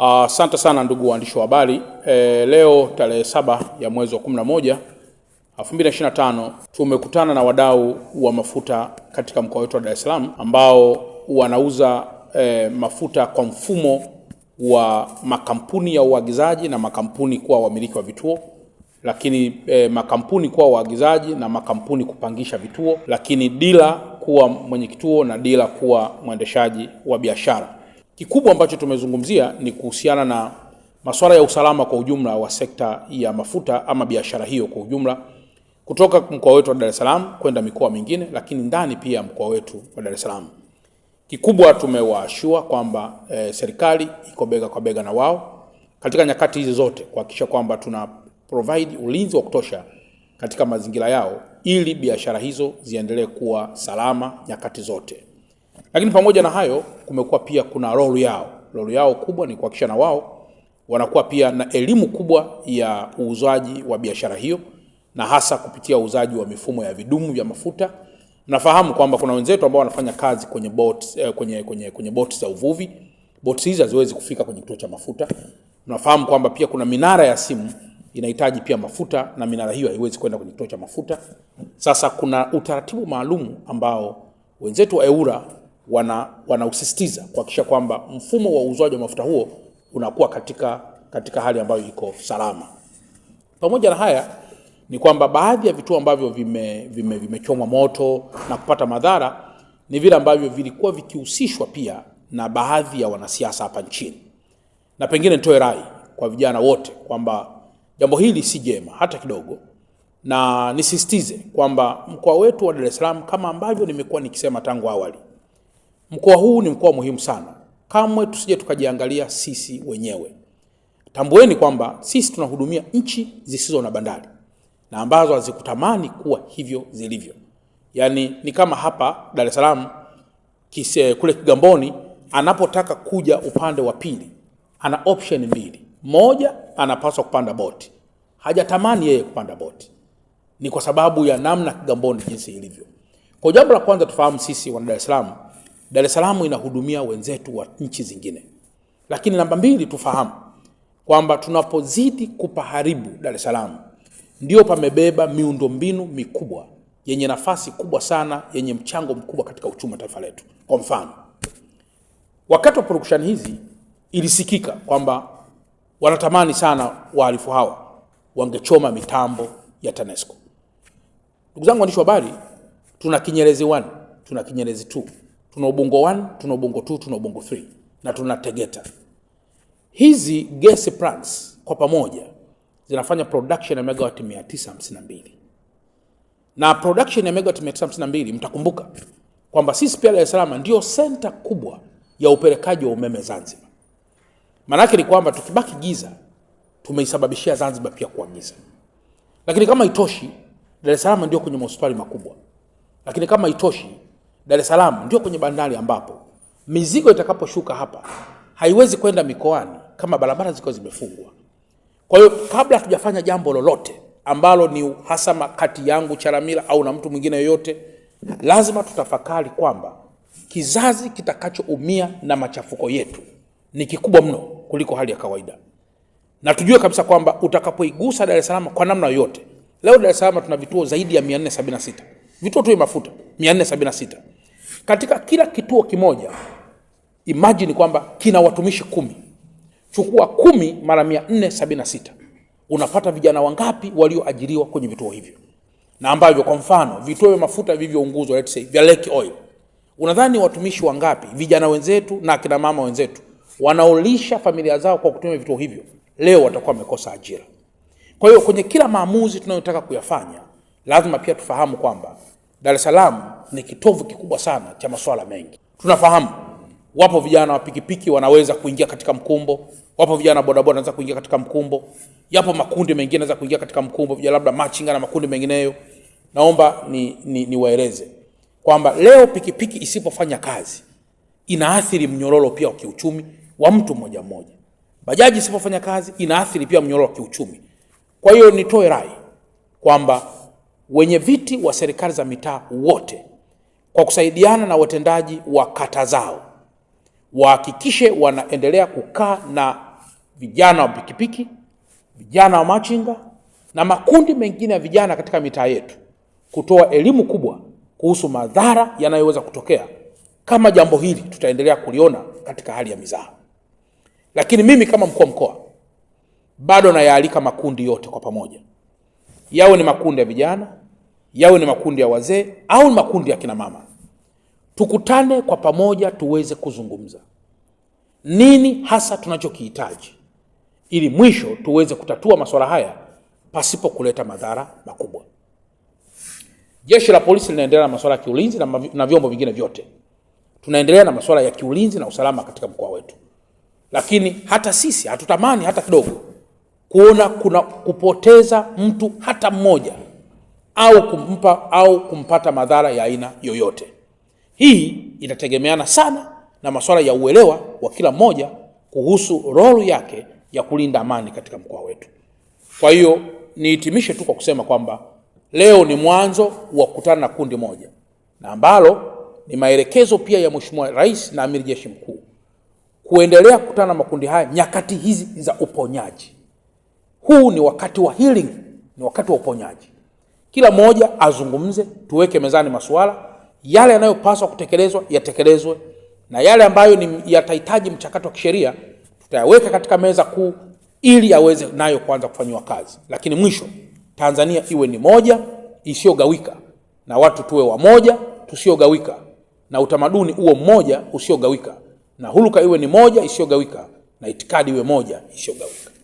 Asante uh, sana ndugu waandishi wa habari e, leo tarehe saba ya mwezi wa 11 2025 tumekutana na wadau wa mafuta katika mkoa wetu wa Dar es Salaam ambao wanauza e, mafuta kwa mfumo wa makampuni ya uagizaji na makampuni kuwa wamiliki wa vituo lakini e, makampuni kuwa waagizaji na makampuni kupangisha vituo lakini dila kuwa mwenye kituo na dila kuwa mwendeshaji wa biashara. Kikubwa ambacho tumezungumzia ni kuhusiana na masuala ya usalama kwa ujumla wa sekta ya mafuta ama biashara hiyo kwa ujumla kutoka mkoa wetu wa Dar es Salaam kwenda mikoa mingine, lakini ndani pia mkoa wetu wa Dar es Salaam. Kikubwa tumewaashua kwamba e, serikali iko bega kwa bega na wao katika nyakati hizi zote kuhakikisha kwamba tuna provide ulinzi wa kutosha katika mazingira yao ili biashara hizo ziendelee kuwa salama nyakati zote. Lakini pamoja na hayo, kumekuwa pia kuna rolu yao, rolu yao kubwa ni kuhakikisha na wao wanakuwa pia na elimu kubwa ya uuzaji wa biashara hiyo, na hasa kupitia uuzaji wa mifumo ya vidumu vya mafuta. Nafahamu kwamba kuna wenzetu ambao wanafanya kazi kwenye bot, eh, kwenye, kwenye, kwenye bot za uvuvi. bot hizi haziwezi kufika kwenye kituo cha mafuta. Nafahamu kwamba pia kuna minara ya simu inahitaji pia mafuta na minara hiyo haiwezi kwenda kwenye kituo cha mafuta. Sasa kuna utaratibu maalum ambao wenzetu wa eura wanausisitiza kuhakikisha kwamba mfumo wa uuzwaji wa mafuta huo unakuwa katika, katika hali ambayo iko salama. Pamoja na haya ni kwamba baadhi ya vituo ambavyo vimechomwa vime, vime moto na kupata madhara ni vile ambavyo vilikuwa vikihusishwa pia na baadhi ya wanasiasa hapa nchini, na pengine nitoe rai kwa vijana wote kwamba jambo hili si jema hata kidogo, na nisisitize kwamba mkoa wetu wa Dar es Salaam, kama ambavyo nimekuwa nikisema tangu awali Mkoa huu ni mkoa muhimu sana, kamwe tusije tukajiangalia sisi wenyewe. Tambueni kwamba sisi tunahudumia nchi zisizo na bandari na ambazo hazikutamani kuwa hivyo zilivyo. Yaani ni kama hapa Dar es Salaam kise, eh, kule Kigamboni anapotaka kuja upande wa pili ana option mbili. Moja, anapaswa kupanda boti, hajatamani yeye kupanda boti, ni kwa sababu ya namna Kigamboni jinsi ilivyo. Kwa jambo la kwanza tufahamu sisi wana Dar es Salaam Dar es Salaam inahudumia wenzetu wa nchi zingine, lakini namba mbili, tufahamu kwamba tunapozidi kupaharibu Dar es Salaam ndio pamebeba miundombinu mikubwa yenye nafasi kubwa sana yenye mchango mkubwa katika uchumi wa taifa letu. Kwa mfano, wakati wa purukushani hizi ilisikika kwamba wanatamani sana wahalifu hawa wangechoma mitambo ya TANESCO. Ndugu zangu waandishi wa habari, tuna Kinyerezi 1 tuna Kinyerezi tuna Ubongo 1, tuna Ubongo 2, tuna Ubongo 3 na tuna Tegeta. Hizi gesi plants kwa pamoja zinafanya production ya megawati 952 na production ya megawati 952, mtakumbuka kwamba sisi pia Dar es Salaam ndio center kubwa ya upelekaji wa umeme Zanzibar. Maanake ni kwamba tukibaki giza tumeisababishia Zanzibar pia kuwa giza. Lakini kama itoshi, Dar es Salaam ndio kwenye mahospitali makubwa. Lakini kama itoshi Dar es Salaam ndio kwenye bandari ambapo mizigo itakaposhuka hapa haiwezi kwenda mikoani kama barabara ziko zimefungwa. Kwa hiyo kabla hatujafanya jambo lolote ambalo ni uhasama kati yangu Chalamila au na mtu mwingine yoyote, lazima tutafakari kwamba kizazi kitakachoumia na machafuko yetu ni kikubwa mno kuliko hali ya kawaida, na tujue kabisa kwamba utakapoigusa Dar es Salaam kwa namna yoyote, leo Dar es Salaam tuna vituo zaidi ya 476 vituo tu mafuta 476 katika kila kituo kimoja, imajini kwamba kina watumishi kumi. Chukua kumi mara mia nne sabini na sita unapata vijana wangapi walioajiriwa kwenye vituo hivyo, na ambavyo kwa mfano vituo vya mafuta vilivyounguzwa let's say vya Lake Oil, unadhani watumishi wangapi vijana wenzetu na akina mama wenzetu wanaolisha familia zao kwa kutumia vituo hivyo leo watakuwa wamekosa ajira? Kwa hiyo kwenye kila maamuzi tunayotaka kuyafanya lazima pia tufahamu kwamba Dar es Salaam ni kitovu kikubwa sana cha masuala mengi. Tunafahamu wapo vijana wa pikipiki wanaweza kuingia katika mkumbo, wapo vijana bodaboda wanaweza kuingia katika mkumbo, yapo makundi mengine yanaweza kuingia katika mkumbo, vijana labda machinga na makundi mengineyo. Naomba ni, ni, ni kwamba leo pikipiki isipofanya kazi inaathiri mnyororo pia wa kiuchumi wa mtu mmoja mmoja. Bajaji isipofanya kazi inaathiri pia mnyororo wa kiuchumi. Kwa hiyo nitoe rai kwamba wenye viti wa serikali za mitaa wote kwa kusaidiana na watendaji wa kata zao wahakikishe wanaendelea kukaa na vijana wa pikipiki, vijana wa machinga na makundi mengine ya vijana katika mitaa yetu, kutoa elimu kubwa kuhusu madhara yanayoweza kutokea kama jambo hili tutaendelea kuliona katika hali ya mizaha. Lakini mimi kama mkuu wa mkoa bado nayaalika makundi yote kwa pamoja yawe ni makundi ya vijana, yawe ni makundi ya wazee au ni makundi ya kina mama, tukutane kwa pamoja tuweze kuzungumza nini hasa tunachokihitaji, ili mwisho tuweze kutatua masuala haya pasipo kuleta madhara makubwa. Jeshi la polisi linaendelea na masuala ya kiulinzi na vyombo vingine vyote, tunaendelea na masuala ya kiulinzi na usalama katika mkoa wetu, lakini hata sisi hatutamani hata kidogo kuona kuna kupoteza mtu hata mmoja au kumpa au kumpata madhara ya aina yoyote. Hii inategemeana sana na masuala ya uelewa wa kila mmoja kuhusu rolu yake ya kulinda amani katika mkoa wetu. Kwa hiyo nihitimishe tu kwa kusema kwamba leo ni mwanzo wa kukutana na kundi moja na ambalo ni maelekezo pia ya Mheshimiwa Rais na Amiri Jeshi Mkuu kuendelea kukutana na makundi haya nyakati hizi za uponyaji. Huu ni wakati wa healing, ni wakati wa uponyaji. Kila mmoja azungumze, tuweke mezani masuala yale yanayopaswa kutekelezwa yatekelezwe, na yale ambayo ni yatahitaji mchakato wa kisheria tutayaweka katika meza kuu ili aweze nayo kuanza kufanyiwa kazi. Lakini mwisho, Tanzania iwe ni moja isiyogawika, na watu tuwe wamoja tusiogawika, na utamaduni uo mmoja usiogawika, na huluka iwe ni moja isiyogawika, na itikadi iwe moja isiyogawika.